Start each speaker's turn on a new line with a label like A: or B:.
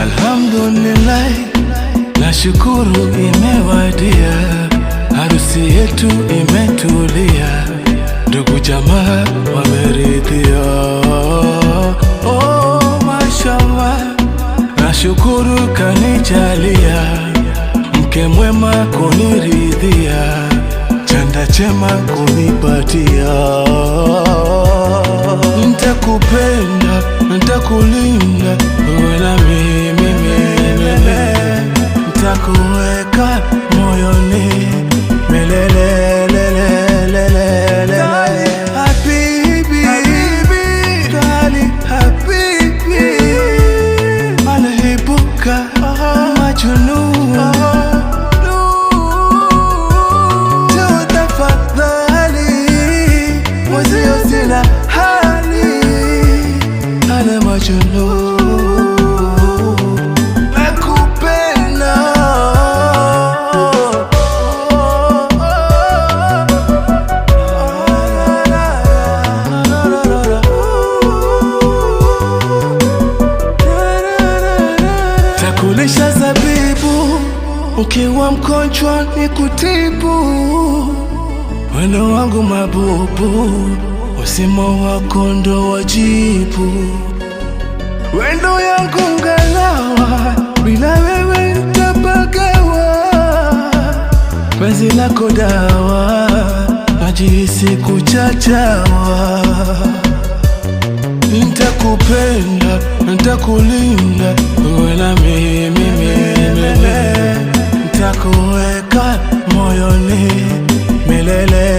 A: Alhamdulillah, nashukuru imewadia, harusi yetu imetulia, ndugu jamaa wameridhia. Oh, mashallah, shukuru kanijalia, mke mwema kuniridhia, chanda chema kunipatia, ntakupenda ntakulinda up ukiwa mkonchwa ni kutibu, wendo wangu mabubu, usimo wako ndo wajibu, wendo yangu ngalawa, bila wewe ntabagawa, mezi lako dawa, najihisi kuchachawa Nitakupenda, nitakulinda, uwe na mimi kuweka moyoni milele.